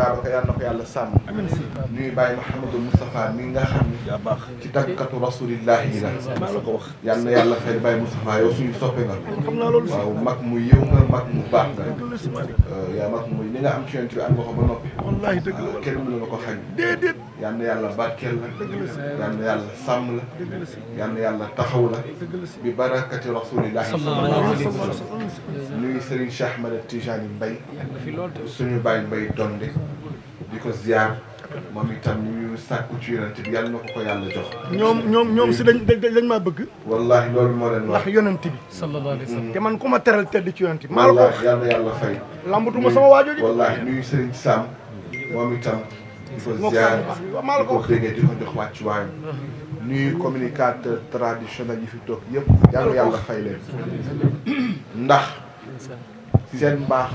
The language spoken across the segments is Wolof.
baabaka yàlla na ko yàlla sàmm ñuy bàyyi Mouhamadou Moustapha mi nga xam ni ci dakkatu rasulillahi yi la yàlla na yàlla fay bàyyi Moustapha yow suñu soppe nga waaw mag mu yëw nga mag mu baax nga yaa mag muy li nga am ci yonent bi am nga ko ba noppi kenn mënu la ko xañ yal na yàlla barkeel la yal na yàlla sàmm la yal na yàlla taxaw la bi barakati rasulillahi sallallahu alayhi wa sallam nuyu Serigne Cheikh Ahmed Tidiane Mbaye suñu bàyyi Mbaye donde di ko ziar moom itam ñu sàkku ci yonent bi yal na ko ko yàlla jox. ñoom ñoom ñoom si dañ dañ maa bëgg. wallaahi loolu moo leen wax ndax yonent bi. sallallahu alayhi wa sallam te man ku ma teral tedd ci yonent bi. maa la ko wax yàlla yàlla fay. lambatu ma sama waajooji. wallaahi nuyu Serigne Sam moom itam. di ko ziar di ko déggee di ko jox wàccuwaay nuyu communicateur traditionnel yi fi toog yëpp yàlla yàlla fay leen ndax seen baax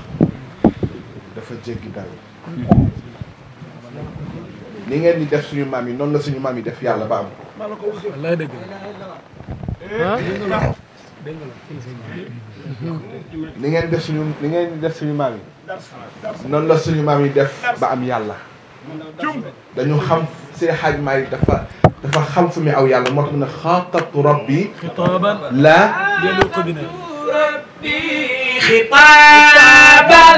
dafa jéggi dal ni ngeen di def suñu maam yi noonu la suñu maam yi def yàlla ba am ko eh, ni def suñu ni ngeen di def suñu maam yi noonu la suñu maam yi def ba am yàlla jum dañu xam Seydi Hadji Malick dafa dafa xam fu muy aw yàlla moo tax mu ne xaatabtu rabbi xitaaban laa yaluqu bina rabbi xitaaban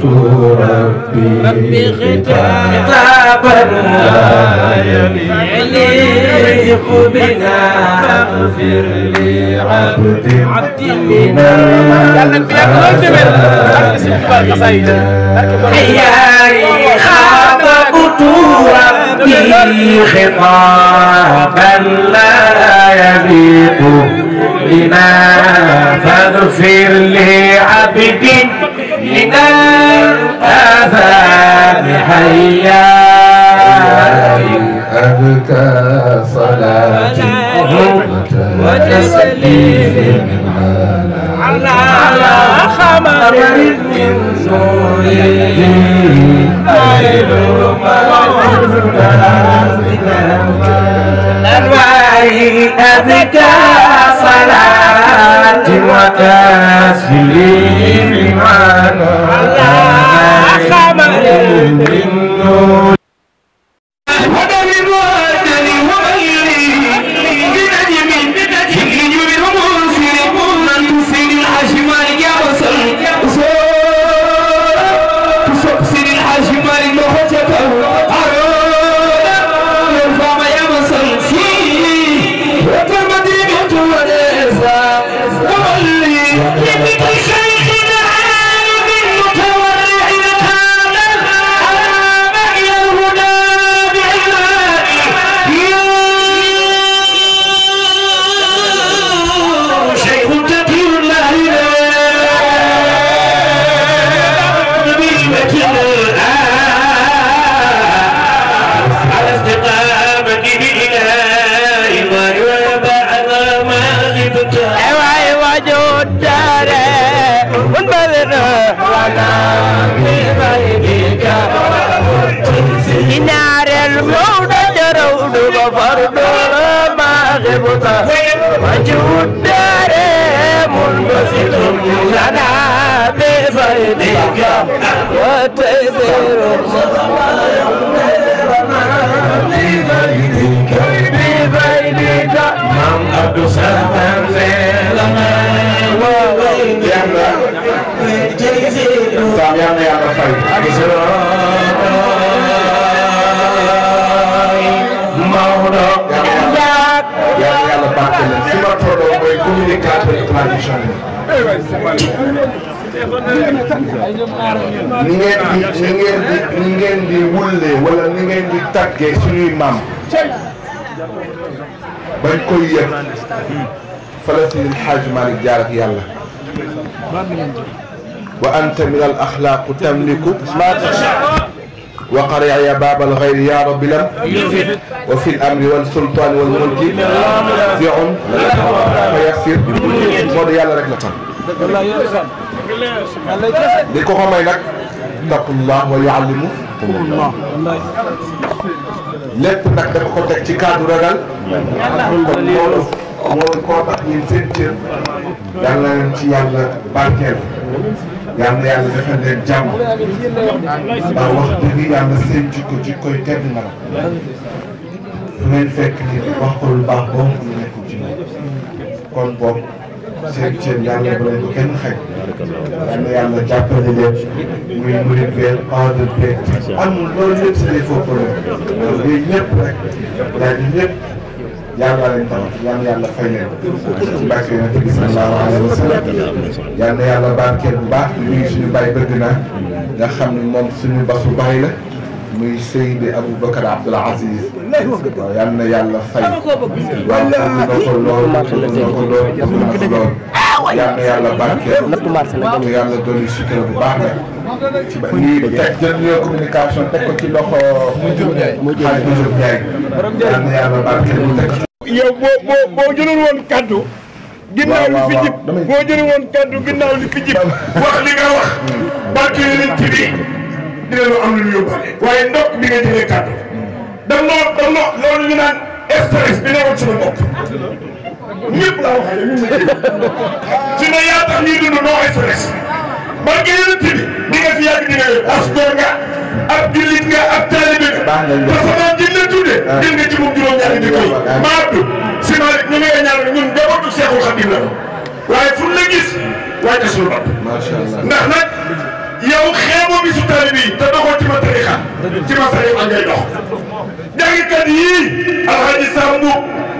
ربي ربي خطابا يليق بنا فاغفر لي عبدي عبدي من حياري خاطبت ربي خطابا لا يليق بنا فاغفر لي عبدي من إلهي أبتى صلاتي وتسليمي على على خمر من نوري خير أنواعي أذكى صلاتي وتسليمي على من النور debuka wanci udare mun basilum lana bifaidika wa tayyiru bifaidika mam abdu sarfan lana wa wa yalla tam yalla yalla fay gisoro mawdo partenaire si ma tolloo mooy communicateur traditionnel. ni ngeen di ni ngeen di ni ngeen di wullee wala ni ngeen di tàggee suñuy maam. bañ koy yëg. Falastin Xaaj Malik jaar ak yàlla. wa anta min al axlaaqu tamliku ma tasha وقرع يا باب الغير يا رب لم يزل وفي الامر والسلطان والملك في فيسر فضي على رجلتهم الله يرحم الله يرحم الله يرحم الله يرحم الله يرحم الله يرحم الله يرحم الله يرحم الله يرحم الله يرحم الله يرحم الله يرحم الله yàlla na yàlla defal jàmm ndax wax dëgg yàlla seen jikko jikkoy tedd nga la fu ngeen fekk nit wax ko lu baax boo xam ne nekkul kon boog seen ceeb yàlla bu leen ko kenn xëy yàlla yàlla jàppale leen muy murit beel ordre beeg amul loolu lépp c'est des faux problèmes loolu yooyu yàlla leen tamit yàlla yàlla fay leen ci barke yonent bi sallallahu alayhi wa sallam yàlla na yàlla barkeel bu baax ñuy suñu bàyyi bëgg naa nga xam ne moom suñu basu bàyyi la muy Seydi Aboubacar Abdoul Aziz waaw yàlla na yàlla fay waaw am na ko lool am na ko lool am na ko lool yàlla na yàlla barkeel na yàlla dolli sutura bu baax nag. ba nii teg jël communication teg ko ci loxo. muy Diop Ndiaye muy Diop Ndiaye. yàlla na yàlla barkeel mu teg. boo boo boo jëlul woon kaddu. ginnaaw li fi boo jëlee woon kaddu ginnaaw li fi wax li nga wax barke yeneen ci bi dina loo am lu ñu yóbbaale waaye ndokk bi nga jëlee kaddu dam noo loolu naan stress bi newoon sama bopp ñëpp laa waxale ñu ci ne yaa tax ñuy dund noo stress barke yonent bi di nga fi yàgg di nga yëg as góor nga ab jullit nga ab taalibe nga te sama jël la tudde jël ah. nga ci moom ñaari jikko yi ah. maa abdu si Malick ñu ngay ñaanal ñun njabootu Seexul Xadiim la waaye fu la gis wàcce suñu bopp ndax nag yow xeeboo bi su taalibe yi te doxoo ci ma tarixa ci ma ngay dox jàngkat yii alxaji Samb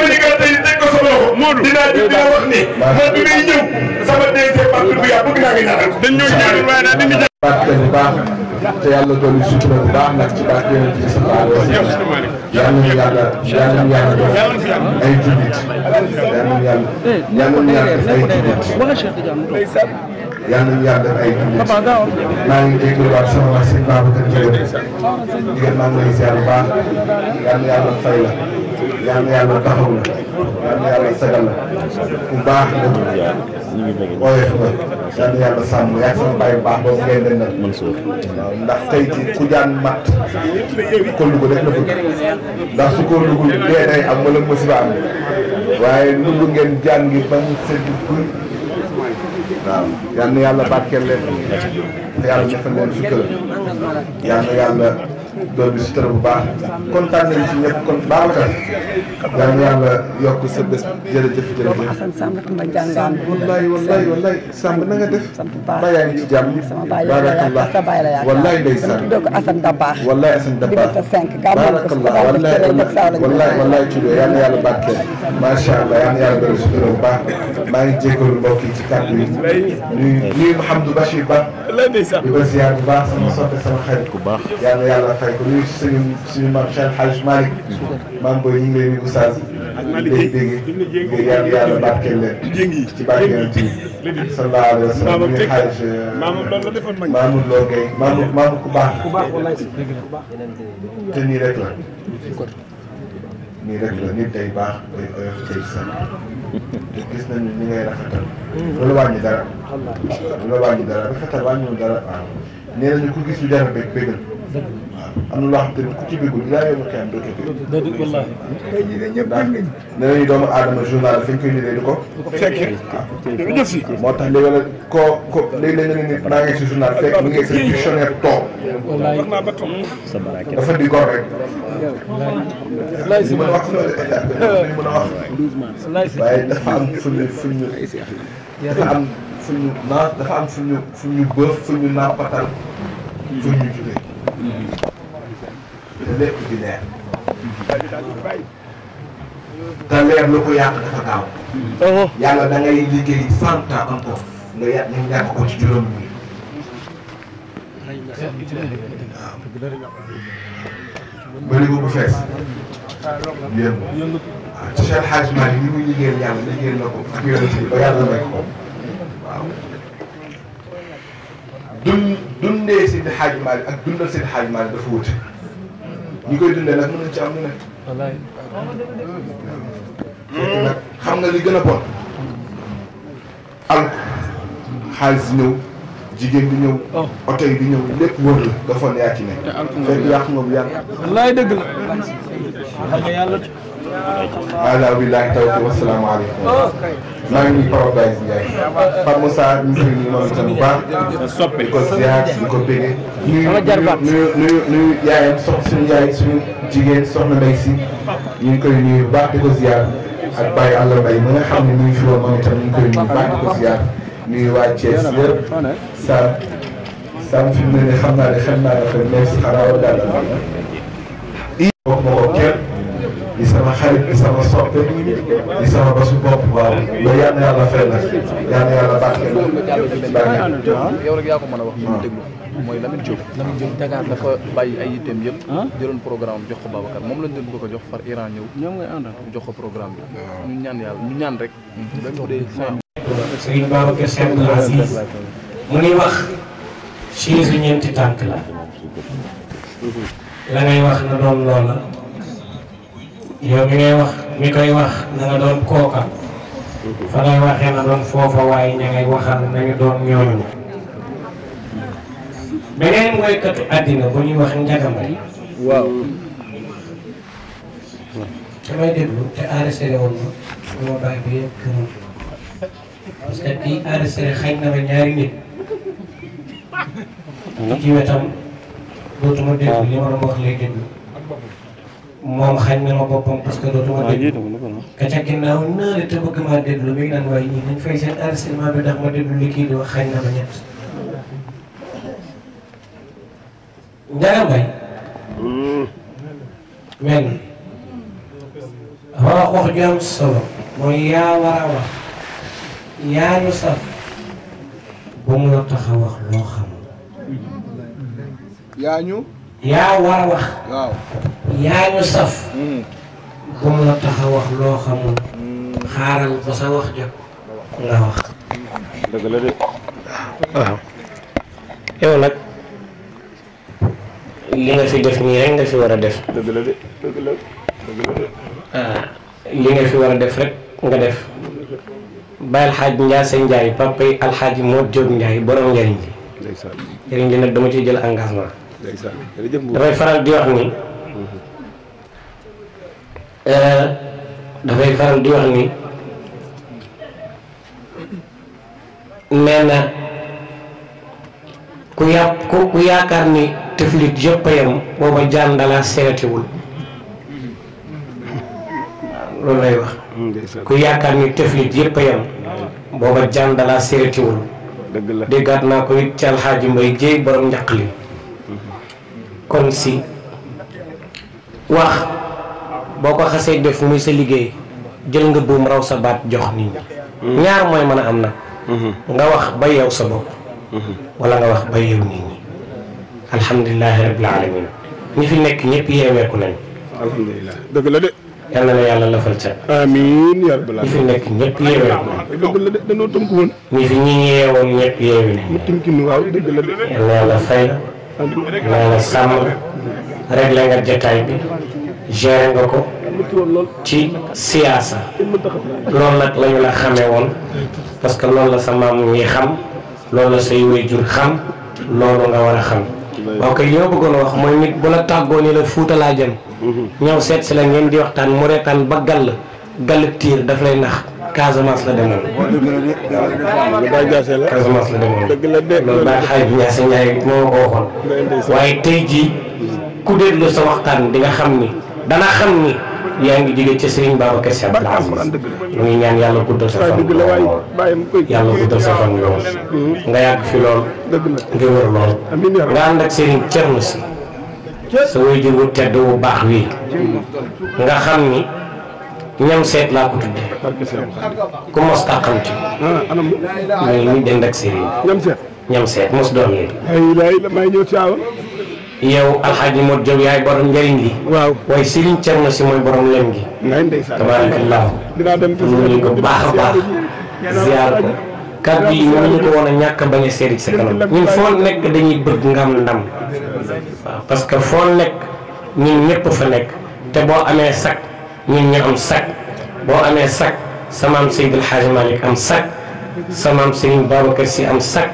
dinaa di dinaa wax ni man bi may ñëw sama DG Pape Doumbia bëgg naa nga ñaanal ko. dañ ñoo ñaanal waaye daal di barke bu baax te yàlla dolli baax nag ci barke yonent bi sallallahu alayhi wa sallam yal nañu yàlla yal nañu yàlla def ay jullit ngi dégluwaat sama wax si Babacar Diop jigéen maa ngi lay ziar baax na yàlla fay la yal na yàlla taxaw la yal na yàlla sagal baax ñu ngi bëgg waaye yal na yàlla bàyyi baax boobu ngeen den waaw ndax tey ci ku jaan matt ko lugu rek la bëgg ndax su ko lugu dee day am wala musiba am waaye lugu ngeen jaan ngi ba mu sëgg guy waaw yal na yàlla barkeel leen yàlla defal leen sukkër yal na yàlla loolu du si tara bu baax kontaan nañu ci ñëpp kon Babacar yaa ngi yàlla yokk sa bés jërëjëf jërëjëf Assane Samb Tumba Jàngaan wallaay wallaay wallaay Samb na nga def ba yaa ngi ci jàmm barakallah wallaay ndeysaan tuddee ko Assane Dabaax wallaay Assane Dabaax barakallah wallaay wallaay wallaay ci doo yaa ngi yàlla barkeel macha allah yaa ngi yàlla bëri sutura bu baax maa ngi jégalu mbokk yi ci kàddu yi nuyu nuyu Mouhamadou Bachir Ba di ko ziar bu baax sama soppe sama xarit ku baax yàlla yàlla fay waaye ko nuyu suñu suñu maam Cheikh Hadj Malick maam booy ñu ngi leen di oustaz day dégg yàlla yàlla barkeel leen ci barkeel tii sallallahu alayhi wa sallam ñu xaaj maamul loo gay maamu maamu ku baax te nii rek la nii rek la nit day baax day oyof day sell te gis nañu ni ngay rafetal loolu wàññi dara loolu wàññi dara rafetal wàññiwul dara waaw nee nañu ku gis lu jar a am na loo xam te ne ku ci bëggul yaa yow kay am doo ko bëgg. dëgg wallaahi. de ñëpp daal nee nañu doomu aadama journal fi ñu koy liggéey di ko. fekkee moo tax léegi koo ko léeg-léeg nga ne nit maa ngi si journal fekk mu ngi si dictionnaire toog. wallaahi dafa di góor rek. wallaahi si a wax mën a wax. dafa am fu ñu fu ñu dafa am fu ñu naas dafa am fu ñu fu ñu bëf fu ñu naapatal fu ñu jugee. te lépp ci leer te leer lu ko dafa gaaw oh. yàlla da ngay liggéey cent ans am ko nga yàq ñu yàq ko ci juróom bi ba léegi bu fees yéen waaw ci seen xaalis maa yi muy liggéeyal yàlla liggéeyal na ko ak yonent bi dun dundee seen xaalis maa ak dundal seen ñi koy dundee nag mën na ci am na ne. xam nga li gën a bon. alko xaalis ñëw jigéen bi ñëw. Oh. oto yi bi ñëw lépp wër la nga foog ne yaa ci ne. fekk yàq bu yàq. wallaay dëgg la. maanaam billahi tawfiq wasalaamaaleykum. maa ngi nuyu Pape Baye Ndiaye. Pape Moussa ñu ngi nuyu moom itam bu baax. di ko ziar di ko bége. nuyu nuyu nuyu nuyu yaayam sox suñu jigéen soxna Mbaye si. ñu ngi koy nuyu bu baax ko ziar. ak Baye Alla Mbaye mi nga xam ne mi ngi fi woon ñu ngi koy nuyu bu baax ko ziar. nuyu waa Thiès yëpp. Sam Sam fi mu ne nii xam naa ne xam naa ne que merci xanaa wala daal la xarit di sama soppe di sama basu bopp waaw loolu yal na yàlla fay la yal na yàlla baax yow rek yaa ko mën a wax ñu déglu mooy Lamine Diop Lamine Diop Dakar dafa bàyyi ay yitteem yëpp ah? jëloon programme jox ko Babacar moom lañ doon bëgg ko jox far Iran ñëw ñoom ngay àndal jox ko programme bi ñu ñaan yàlla ñu ñaan rek Serigne Babacar Sy Abdoul Aziz mu ngi wax chaise ñeenti tànk la la ngay wax na doon loola yow mi ngay wax mi koy wax na nga doon kooka fa ngay waxee na doon foofa waaye ña ngay waxal nañu doon ñooñu beneen woykatu àddina bu ñuy wax njagambay waaw damay déglu te enregistré woon ma dama bi yëpp këram parce que kii enregistré xañ na ma ñaari nit ci wetam dootuma déglu li ma doon wax lay déglu moom xañ na ma boppam parce que dootuma ah, déglu ka ca ginnaaw naa la te bëgg maa déglu mi ngi naan waaye ñii nañ fay seen enregistrement bi ndax ma déglu li kii di wax xañ na ma ñett njaga mbay hmm. mel wax wax ju solo mooy yaa war a wax yaa ñu saf ba mu la tax wax loo xamul yaa war a wax yaa Yusuf, saf bu mu la tax a wax loo xamul xaaral ba sa wax jot nga wax dëgg la de waaw yow nag li nga fi def nii rek nga fi war def dëgg la de dëgg la dëgg la de li nga fi def rek nga def njaay papa njaay borom dama jël engagement faral di wax ni Eh, dafay faral di wax ni nee ku ya ku ku yaakaar ni teflit yëpp a booba jaan dala seetiwul loolu lay wax ku yaakaar ni teflit yëpp a booba jaan dala seetiwul déggaat naa ko it ci alxaaji mbay jéey borom njaq li mm-hmm. kon si wax boko xasse def muy sa liggey jël nga buum raw sa bat jox nit ñi hmm. ñaar moy mën amna hmm. nga wax ba yow sa bopp hmm. wala nga wax ba yow nit ñi alhamdulilahi rabbil alamin ñi fi nekk ñëpp yeeweeku nañ alhamdulilah dëgg la de yàlla na lafal ca ya rabbal alamin ñi fi nekk ñëpp yeeweeku nañ dëgg la de dañoo tënk woon ñi fi ñi yeewoon ñëpp yeewi nañ mu waaw la de fay la yàlla sàmm rek la nga bi géré nga ko ci siyaasa loolu nag la ñu la xamee woon parce que loolu la sa maam ñi xam loolu la say waajur xam loolu nga war a xam waaw kay li ma bëggoon wax mooy nit bu la tàggoo ni la fuuta laa seet si la ngeen di waxtaan mu reetaan ba gàll gal tiir dafa lay nax Casamance la demoon Casamance la demoon loolu baa xaaj ñaase ñaay moo ma ko waxoon waaye tey jii ku déglu sa waxtaan di nga xam ni dana xam ni yaa ngi jóge ci Serigne Babacar Sy Abdoul Aziz mu ngi ñaan yàlla guddal sa fan lool yàlla guddal sa fan lool mm-hmm. nga yàgg fi lool nga wër lool nga ànd ak Serigne Thierno Sy sa waajur wu tedd wu baax wii mm-hmm. nga xam ni ñam seet laa ko tudde ku mos tàqamti muy ñu dend ak Serigne ñam seet mos doom yi yow alxaaji Modou Diop yaay borom njëriñ li. waaw waaye Serigne Thierno si mooy borom lem gi. tabarakallah ñu ko baax a baax ziar ko kàddu yi mënuñu ko woon ñàkk bañ a seeri sa kanam ñun foo nekk dañuy bëgg nga am ndam parce que foo nekk ñun fa nekk te boo amee sac ñun am sac boo amee sac sa maam Seydi El Hadji Malick am sac sa maam am sac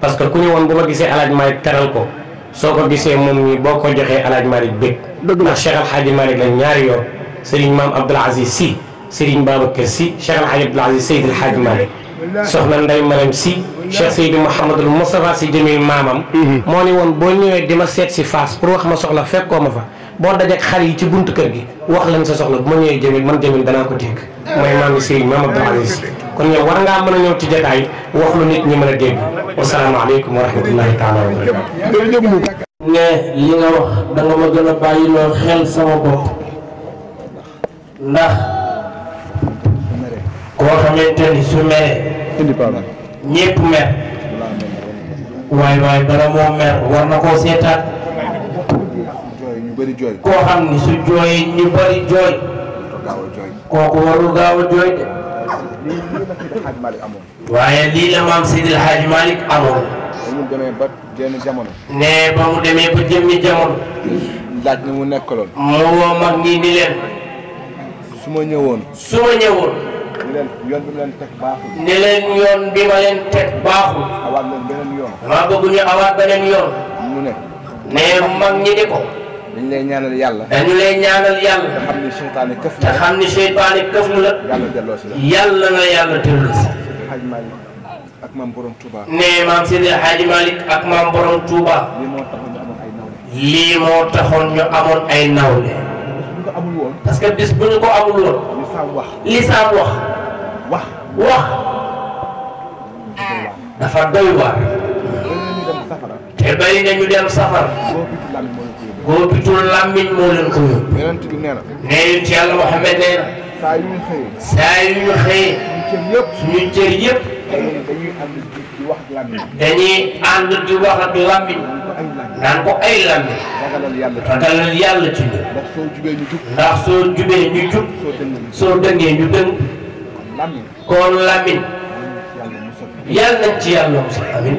parce que ku ñu woon bu ma gisee alaaj Malick teral ko soko ko gisee moom mii boo ko joxee alaaj Malick bëgg ndax Cheikh Alhaaji malik la ñaar yo serigne mam Abdoul Aziz Sy sëriñ Babacar si Cheikh Alhaaji Abdoul Aziz Seydil Hadji malik soxna nday Maram si Cheikh Seydou al mustafa si jemi mamam mo ni won bo ñewé dima set seet si Fass pour wax ma soxla fekkoo ma fa bo dajek xale ci buntu kër gi wax lan sa soxla bu ma ñëwee jëmil man jemi dana ko tek mooy maam serigne mam maam Aziz kon yow war ngaa mën a ñëw ci wax lu nit ñi mën a dégg wasalaamaaleykum wa rahmatullahi taala wa barakaatu a bàyyi loo xel war na koo seetaat koo xam ni su jooy ñu bëri jooy kooku warul gaaw a jooy waaye lii la maam Seydil Hadj Malick amoon. ne ba mu demee ba jëmmi jamono. laaj ni mu nekkaloon. mu woo mag ñi ni leen. su ma ñëwoon. su ma ñëwoon. ni leen yoon bi ma leen teg baaxul. ni leen yoon bi ma leen teg baaxul. awaat beneen yoon. mu ne. mais mag ñi ni ko. dañ lay ñaanal yàlla dañu lay ñaanal yàlla nga xam ni seytaane këf na nga xam ni seytaane la yàlla delloo si yàlla na yàlla delloo si xaj Malick ak maam borom Touba ne maam Seydi Hadji Malick ak maam borom Touba lii moo taxoon ñu amoon ay nawle woon li saam wax dafa doy waar góobitul làmmiñ moo leen ko yóbbu. yonent bi nee na. nee yonent yàlla Muhammad nee na. saa yu ñu xëyee. saa yu ñu xëyee. suñu cër yëpp. dañuy ànd di wax làmmiñ. dañuy ànd di wax ak làmmiñ. naan ko ay làmmiñ. ragalal yàlla ci ragalal yàlla ci ndax soo jubee ñu jub. ndax soo jubee ñu jub. soo dëngee ñu dëng. kon làmmiñ. yàlla nañ ci yàlla mos a amiin.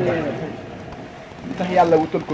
li tax yàlla wutal ko.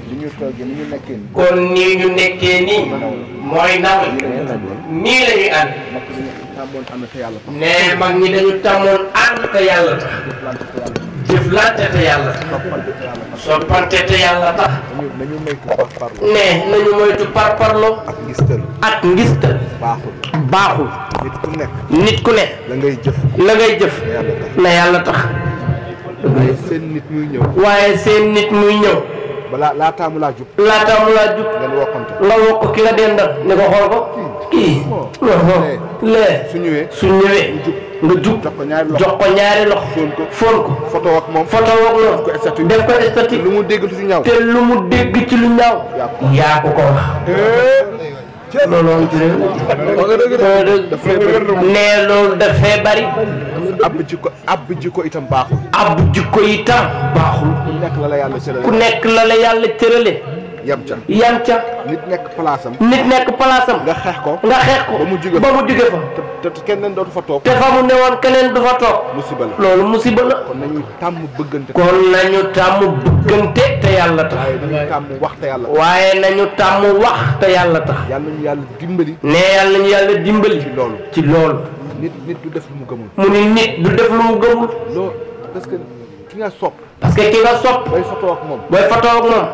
ñu toogee ni ñu nekkee nii. kon nii ñu nekkee nii. mooy naw nii la ñuy ànd. nee mag ñi dañu tàmmoon ànd te yàlla tax. jëflante te yàlla tax. soppante te yàlla tax. nee nañu moytu par parlo. ak ngistal. ak ngistal. baaxul baaxul. nit ku nekk. nit ku nekk. la ngay jëf. la ngay jëf. na yàlla tax. waaye seen nit muy ñëw. waaye seen nit muy ñëw. balaa laataa mu laa jub. laataa mu laa jub. nga wokk ki nga dendal ne ko xool ko. kii lee su ñëwee su ñëwee. nga jub jox ko ñaari loxo jox ko ñaari fóon ko fóon ko. photo ak moom photo ak moom. ko statut def ko statut. lu mu dégg ci lu ñaaw. te lu mu dégg ci lu ñaaw. yaa ko ko wax. nee loolu dafay bari. ab jikko ab jikko itam baaxul. ab jikko itam baaxul. ku nekk la la yàlla cërale. ku nekk la yàlla cërale. yam ca yam ca. nit nekk palaasam. nit nekk palaasam. nga xeex ko nga xeex ko. ba mu jóge fa ba mu jóge fa. te te keneen dootu fa toog. te fa mu newoon keneen du fa toog. musiba la loolu musiba la. kon nañu tàmm bëggante. kon nañu tàmm bëggante te yàlla tax. waaye nañu tàmm wax te yàlla tax. waaye nañu tàmm wax yàlla tax. yàlla ñu yàlla dimbali. ne yàlla ñu yàlla dimbali. ci loolu ci loolu. nit nit du def lu mu gëmul. mu ni nit du def lu mu gëmul. loo parce que ki nga sopp. parce que ki nga sopp. booy fotoo ak moom. booy fotoo ak moom.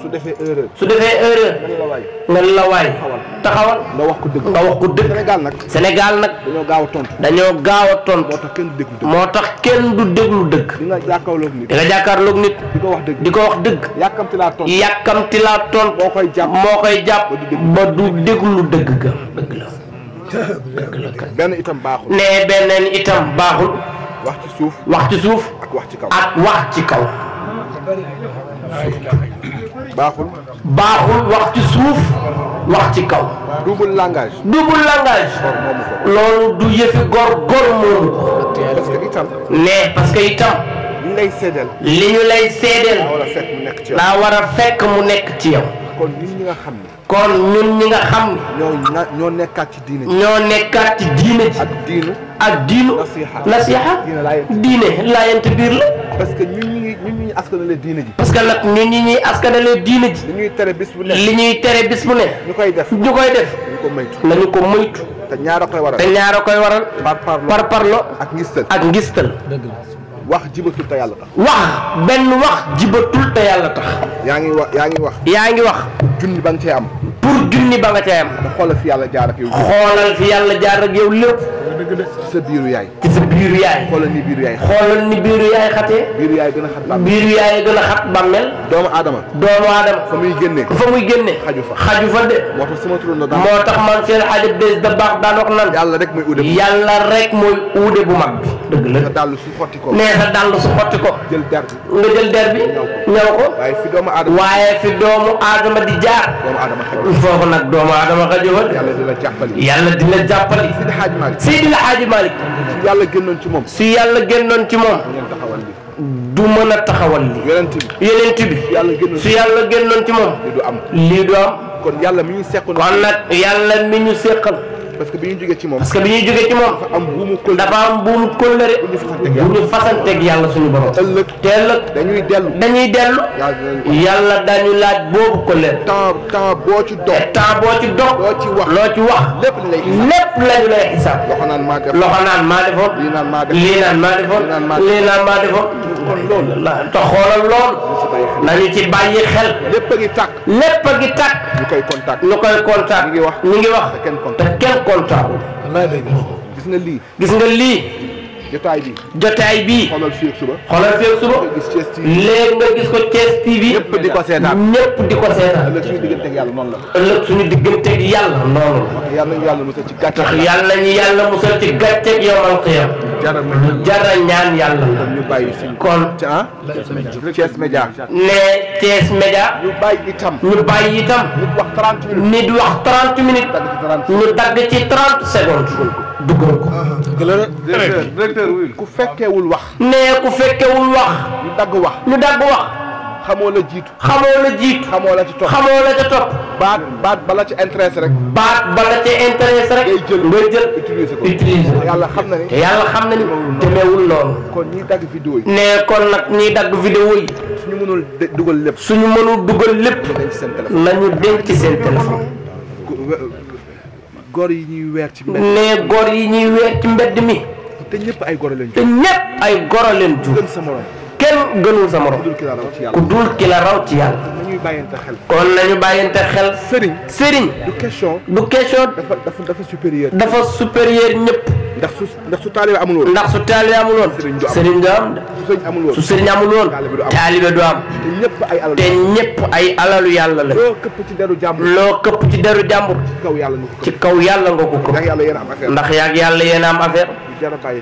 su defee erreur. su defee erreur. nga la waay. taxawal nga wax ko dëgg. nga wax ko dëgg. gaaw gaaw kenn kenn du di nga jàkkaarloog nit. di nga jàkkaarloog nit. di wax di wax dëgg. yàkkamti laa tontu. yàkkamti laa tontu. moo koy jàpp moo ba du ga. benn itam baaxul. nee beneen itam baaxul. wax ci suuf wax ci suuf. ak wax ci kaw ak ci kaw. baaxul. baaxul wax ci suuf wax ci kaw. double langage. double loolu du yëfi gor gor moomu ko. parce que itam. nee parce li ñu lay seedeel. li ñu war a fekk mu nekk ci yow. kon nit ñi nga xam ne. kon ñun ñi nga xam ne. ñoo nekkaat ci diine. ñoo nekkaat ci diine. ak diinu. ak diinu. nasiha diine laayante biir la. parce que ñu ñi ñun ñi ñuy askanalee diine ji. parce que nag ñun ñi ñuy askanalee diine ji. li ñuy tere bis bu ne. li ñuy tere bis bu ne. ñu koy def ñu koy def. nañu ko moytu nañu ko moytu. te ñaara koy waral te ñaara koy waral. par parlo par parlo. ak ngistal ak ngistal. dëgg la. wax jibatul te yàlla tax. wax benn wax jibatul te yàlla tax. yaa ngi wax yaa ngi wax. yaa ngi wax. junni ba nga cee am. pour junni ba nga cee am. te xoolal fi yàlla jaar ak fi yàlla jaar ak yow lépp. dëgg de ci sa biiru yaay ci sa biiru yaay xoolal ni biiru yaay xoolal ni biiru yaay xatee biiru yaay gën a xat bàmmeel biiru yaay gën a xat bàmmeel doomu aadama doomu aadama fa muy génne fa muy génne xaju fa xaju fa de moo tax sama turoon na moo tax man seen xaalis des da baax daan wax nan yàlla rek mooy uude yàlla rek mooy uude bu mag bi dëgg la sa dàll su xotti ko nee sa dàll su xotti ko jël der bi nga jël der bi ñëw ko waaye fi doomu aadama waaye fi doomu aadama di jaar doomu aadama foofu nag doomu aadama xaju fa yàlla di la jàppali yàlla di la jàppali El Hadji Malick si yàlla génnoon ci moom si yàlla génnoon ci moom du mën a taxawal li yonent bi su yàlla génnoon ci moom lii du am kon yàlla mi ñu seqal kon nag yàlla mi ñu seqal parce que bi ñuy jógee ci moom. parce que bi ñuy jógee ci moom. dafa am buumu kóllëre dafa bu ñu fasanteeg yàlla suñu borom. ëllëg teelëg dañuy dellu. dañuy dellu. yàlla dañu laaj boobu kóllëre. temps temps boo ci dox. temps boo ci dox. loo ci wax loo ci wax. lépp lañu lay xisaab. loxo naan maa defoon lii naan maa defoon lii naan maa defoon. lii lool. nañu ci bàyyi xel. lépp a ngi tàkk. lépp a ngi koy contact ñu koy contact. ngi wax ñu ngi wax te kenn comptable. gis nga lii. gis nga lii. jotaay bi jotaay bi xoolal fii ak suba xoolal fii ak suba léegi nga gis ko Thiès TV ñëpp di ko seetaan ñëpp di ko seetaan ëllëg suñu digganteeg yàlla noonu la ëllëg suñu digganteeg yàlla noonu la yàlla nañu yàlla musal ci gàcce tax yàlla nañu yàlla musal ci gàcce yow al qiyam lu jara ñaan yàlla la kon ah. Thiès Média ne Thiès Média ñu bàyyi itam ñu bàyyi itam nit wax trente minutes ñu dagg ci trente secondes duggal ko ah, ah. directeur ku fekkeewul wax ne ku fekkeewul wax ñu dagg wax ñu dagg wax xamoo la jiitu. xamoo la jiitu. xamoo la ci topp xamoo la ca topp. baat baat bala ci intéressé rek. baat bala ca intéressé rek. ngay jël ngay jël utiliser ko utiliser ko. yàlla xam na ni te yàlla xam na ni demeewul loolu. kon ñiy dagg vidéo yi. ne kon nag ñiy dagg vidéo yi. suñu mënul dugal lépp. suñu mënul dugal lépp. nañu denc seen téléphone. góor yi ñuy weer ci mbedd. ne góor yi ñuy weer ci mbedd mi. te ñëpp ay goro leen jur. te ñëpp ay goro leen jur. gën sa morom. kenn gënul sa morom ku dul ki la raw ci yàlla kon nañu bàyyante xel sëriñ sëriñ du question du question dafa dafa supérieur dafa supérieur ñëpp ndax su ndax su taalibe amul woon ndax su taalibe amul woon sëriñ du am su sëriñ amul woon taalibe du am te ñëpp ay alalu yàlla la loo këpp ci deru jàmbur loo këpp ci deru jàmbur ci kaw yàlla nga ko këpp ndax yaag yàlla yéen a am affaire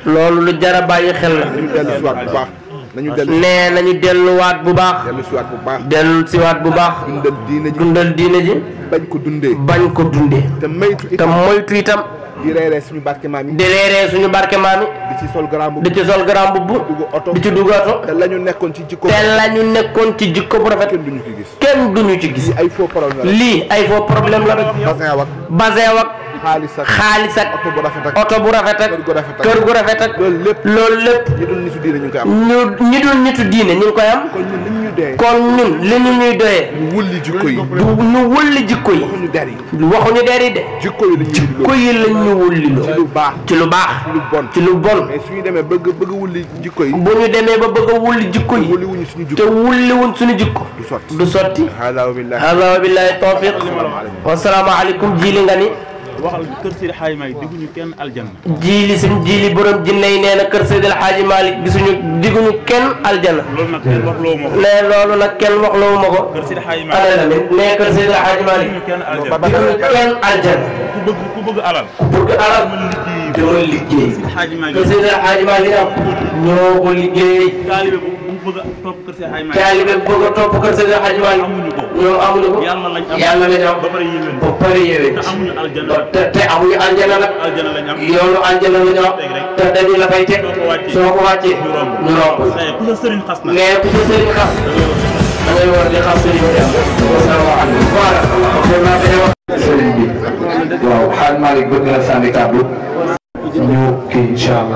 loolu lu jara bàyyi xel la nañu dellu nee nañu delluwaat bu baax. dellu siwaat bu baax dellu siwaat bu baax. dundal diine ji dundal diine ji. bañ ko dundee bañ ko dundee. te moytu itam te moytu di reeree suñu barke maam yi. di reeree barke maam yi. ci sol grand mbubb di ci sol grand mbubb. di ci dugg oto te la ñu nekkoon ci jikko. te la ñu nekkoon ci jikko bu rafet. kenn duñu ci gis kenn duñu ci gis. lii ay faux problème la lii ay faux problème la rek. basin wak basin xaalis ak xaalis ak oto bu rafet ak oto bu rafet ak kër gu rafet ak loolu lépp loolu lépp ñi dul nitu diine ñu ngi koy am ñu ñi dul nitu diine ñu ngi koy am kon ñun li ñu ñuy doyee kon ñun li ñu ñuy jikko yi ñu wëlli jikko yi waxuñu der yi waxuñu de jikko yi lañ ñu wëlli loo ci lu baax ci lu baax ci lu bon mais suñu demee bëgg bëgg wëlli jikko yi bu ñu demee ba bëgg a wëlli jikko yi te wëlliwuñ suñu jikko du sotti hada wa billahi tawfiq wa salaamu aleykum ji li nga ni waxal kër Seydi Hadji Malick diguñu kenn aljanna. jiili si jiili borom jinne yi nee na kër Seydi Hadji Malick gisuñu diguñu kenn aljanna. loolu nag kenn wax loowu ma ko. mais loolu nag kenn wax loowu ma ko. kër Seydi Hadji Malick alal mais kër Seydi Hadji Malick. diguñu kenn aljanna. ku bëgg ku bëgg alal. ku bëgg alal. dama liggéey. kër Seydi Hadji Malick am. ñoo ko liggéey. bëgg a topp kër Seex Xaaj Maalik. taalibe bëgg a topp kër Seex Xaaj Maalik. amuñu ko ñoom amuñu ko. yàlla lañ am yàlla lañ am ba pare yéwén. ba pare yéwén. te amuñu aljana te te amuñu aljana nag. aljana lañ am yoonu aljana lañ am. te dañu la fay teg soo ko wàccee ñu romb. mais ku sa sëriñ xas na mais ku sa sëriñ xas. da ngay war di xas sëriñ bi am. waaw sëriñ bi waaw xaaj Maalik bëgg na sànni kàddu ñu kii incha allah